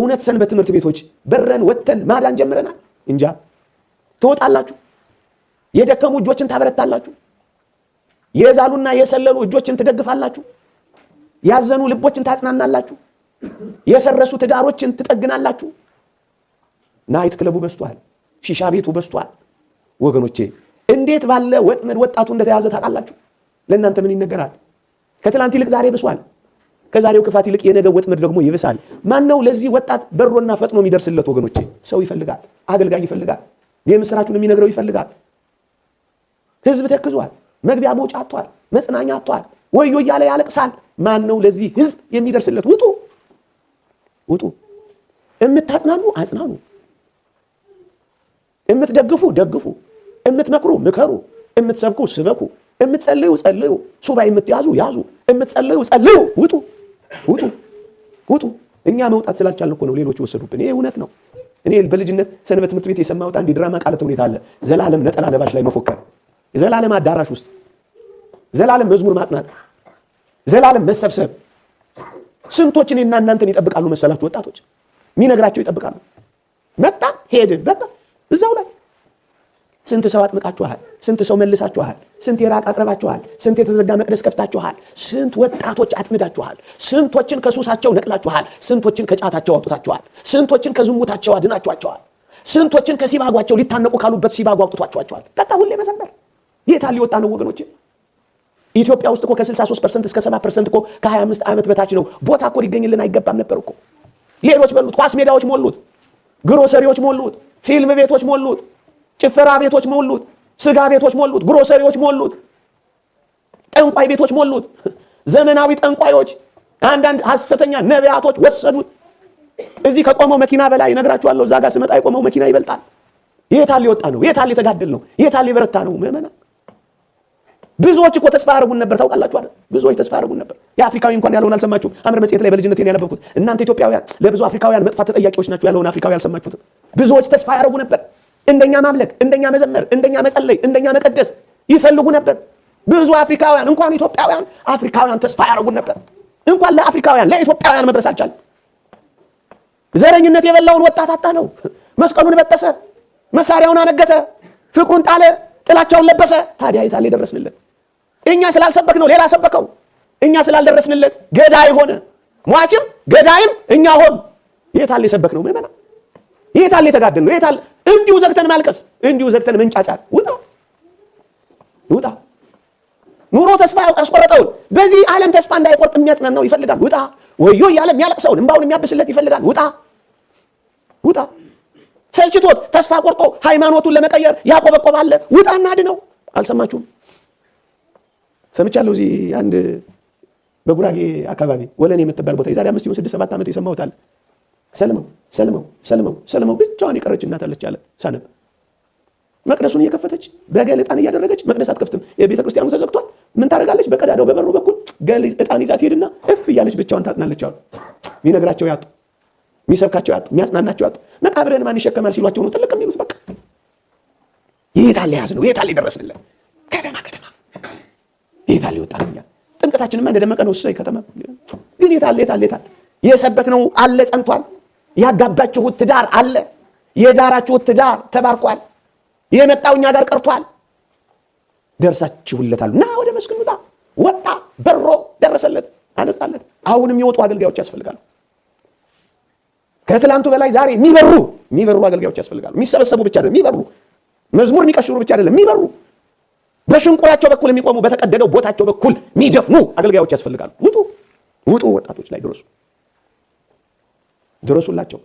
እውነት ሰንበት ትምህርት ቤቶች በረን ወተን ማዳን ጀምረናል? እንጃ። ትወጣላችሁ፣ የደከሙ እጆችን ታበረታላችሁ፣ የዛሉና የሰለሉ እጆችን ትደግፋላችሁ፣ ያዘኑ ልቦችን ታጽናናላችሁ፣ የፈረሱ ትዳሮችን ትጠግናላችሁ። ናይት ክለቡ በስቷል፣ ሺሻ ቤቱ በስቷል። ወገኖቼ እንዴት ባለ ወጥመድ ወጣቱ እንደተያዘ ታውቃላችሁ? ለእናንተ ምን ይነገራል? ከትላንት ይልቅ ዛሬ ብሷል። ከዛሬው ክፋት ይልቅ የነገ ወጥመድ ደግሞ ይብሳል። ማን ነው ለዚህ ወጣት በሮና ፈጥኖ የሚደርስለት? ወገኖቼ ሰው ይፈልጋል፣ አገልጋይ ይፈልጋል፣ የምስራቹን የሚነግረው ይፈልጋል። ህዝብ ተክዟል፣ መግቢያ መውጫ አጥቷል፣ መጽናኛ አጥቷል፣ ወዮ እያለ ያለቅሳል። ማን ነው ለዚህ ህዝብ የሚደርስለት? ውጡ፣ ውጡ። የምታጽናኑ አጽናኑ፣ የምትደግፉ ደግፉ፣ የምትመክሩ ምከሩ፣ የምትሰብኩ ስበኩ፣ የምትጸልዩ ጸልዩ፣ ሱባኤ የምትያዙ ያዙ፣ የምትጸልዩ ጸልዩ፣ ውጡ። ውጡ ውጡ። እኛ መውጣት ስላልቻልን እኮ ነው ሌሎች ወሰዱብን። ይሄ እውነት ነው። እኔ በልጅነት ሰንበት ትምህርት ቤት የሰማሁት አንድ የድራማ ቃለት ሁኔታ አለ። ዘላለም ነጠላ ለባሽ ላይ መፎከር፣ ዘላለም አዳራሽ ውስጥ፣ ዘላለም መዝሙር ማጥናት፣ ዘላለም መሰብሰብ። ስንቶች እኔና እናንተን ይጠብቃሉ መሰላችሁ? ወጣቶች የሚነግራቸው ይጠብቃሉ። መጣ ሄድን፣ በቃ እዛው ላይ ስንት ሰው አጥምቃችኋል? ስንት ሰው መልሳችኋል? ስንት የራቅ አቅርባችኋል? ስንት የተዘጋ መቅደስ ከፍታችኋል? ስንት ወጣቶች አጥምዳችኋል? ስንቶችን ከሱሳቸው ነቅላችኋል? ስንቶችን ከጫታቸው አውጥታችኋል? ስንቶችን ከዝሙታቸው አድናችኋቸዋል? ስንቶችን ከሲባጓቸው ሊታነቁ ካሉበት ሲባጓ አውጥቷችኋቸዋል? በቃ ሁሌ መዘመር የታ ሊወጣ ነው ወገኖች? ኢትዮጵያ ውስጥ እኮ ከ63 ፐርሰንት እስከ 7 ፐርሰንት እኮ ከ25 ዓመት በታች ነው። ቦታ እኮ ሊገኝልን አይገባም ነበር እኮ። ሌሎች በሉት፣ ኳስ ሜዳዎች ሞሉት፣ ግሮሰሪዎች ሞሉት፣ ፊልም ቤቶች ሞሉት ጭፈራ ቤቶች ሞሉት፣ ስጋ ቤቶች ሞሉት፣ ግሮሰሪዎች ሞሉት፣ ጠንቋይ ቤቶች ሞሉት። ዘመናዊ ጠንቋዮች፣ አንዳንድ ሐሰተኛ ነቢያቶች ወሰዱት። እዚህ ከቆመው መኪና በላይ እነግራችኋለሁ። እዛ ጋር ስመጣ የቆመው መኪና ይበልጣል። አለ የወጣ ነው? አለ የተጋደል ነው? አለ የበረታ ነው? ምዕመና ብዙዎች እኮ ተስፋ አርጉን ነበር። ታውቃላችሁ አይደል? ብዙዎች ተስፋ አርጉን ነበር። የአፍሪካዊ እንኳን ያለውን አልሰማችሁም? አምር መጽሔት ላይ በልጅነት ያነበብኩት እናንተ ኢትዮጵያውያን ለብዙ አፍሪካውያን መጥፋት ተጠያቂዎች ናቸው ያለውን አፍሪካዊ አልሰማችሁትም? ብዙዎች ተስፋ ያደርጉ ነበር። እንደኛ ማምለክ፣ እንደኛ መዘመር፣ እንደኛ መጸለይ፣ እንደኛ መቀደስ ይፈልጉ ነበር። ብዙ አፍሪካውያን እንኳን ኢትዮጵያውያን አፍሪካውያን ተስፋ ያደረጉ ነበር። እንኳን ለአፍሪካውያን ለኢትዮጵያውያን መድረስ አልቻለም። ዘረኝነት የበላውን ወጣት አጣ ነው። መስቀሉን በጠሰ፣ መሳሪያውን አነገተ፣ ፍቅሩን ጣለ፣ ጥላቻውን ለበሰ። ታዲያ የታለ የደረስንለት? እኛ ስላልሰበክ ነው ሌላ ሰበከው። እኛ ስላልደረስንለት ገዳይ ሆነ። ሟችም ገዳይም እኛ ሆን። የታለ የሰበክ ነው ምመና? የታለ የተጋደን ነው? የታለ እንዲሁ ዘግተን ማልቀስ፣ እንዲሁ ዘግተን መንጫጫት። ውጣ ውጣ። ኑሮ ተስፋ ያስቆረጠውን በዚህ ዓለም ተስፋ እንዳይቆርጥ የሚያጽናናው ይፈልጋል። ውጣ ወዮ እያለ የሚያለቅሰውን እምባውን የሚያብስለት ይፈልጋል። ውጣ ውጣ። ሰልችቶት ተስፋ ቆርጦ ሃይማኖቱን ለመቀየር ያቆበቆባለ ውጣ እናድ ነው። አልሰማችሁም? ሰምቻለሁ። እዚህ አንድ በጉራጌ አካባቢ ወለኔ የምትባል ቦታ የዛሬ አምስት ይሁን ስድስት ሰባት ዓመት የሰማሁት አለ ሰልመው ሰልመው ሰልመው ሰልመው ብቻዋን የቀረች እናት አለች አለ ሳነብ መቅደሱን እየከፈተች በገለጣን ዕጣን እያደረገች መቅደስ አትከፍትም። የቤተ ክርስቲያኑ ተዘግቷል። ምን ታደርጋለች? በቀዳዳው በበሩ በኩል ገል ዕጣን ይዛ ትሄድና እፍ እያለች ብቻዋን ታጥናለች አሉ። የሚነግራቸው ያጡ፣ የሚሰብካቸው ያጡ፣ የሚያጽናናቸው ያጡ። መቃብርህን ማን ይሸከማል ሲሏቸው ነው ጥልቅ የሚሉት። በቃ የታለ ያዝ ነው የታለ የደረስንለን ከተማ ከተማ የታለ ይወጣል እኛ ጥምቀታችንማ እንደደመቀ ነው። እሰይ ከተማ ግን የታለ የታለ የታለ የሰበክ ነው አለ ጸንቷል። ያጋባችሁት ትዳር አለ። የዳራችሁት ትዳር ተባርኳል። የመጣው እኛ ጋር ቀርቷል። ደርሳችሁለታል። ና ወደ መስክን ውጣ። ወጣ፣ በሮ፣ ደረሰለት፣ አነሳለት አሁንም የወጡ አገልጋዮች ያስፈልጋሉ። ከትላንቱ በላይ ዛሬ የሚበሩ የሚበሩ አገልጋዮች ያስፈልጋሉ። የሚሰበሰቡ ብቻ አይደለም፣ የሚበሩ መዝሙር የሚቀሽሩ ብቻ አይደለም፣ የሚበሩ በሽንቁራቸው በኩል የሚቆሙ በተቀደደው ቦታቸው በኩል የሚደፍኑ አገልጋዮች ያስፈልጋሉ። ውጡ፣ ውጡ፣ ወጣቶች ላይ ድረሱ። ድረሱላቸው።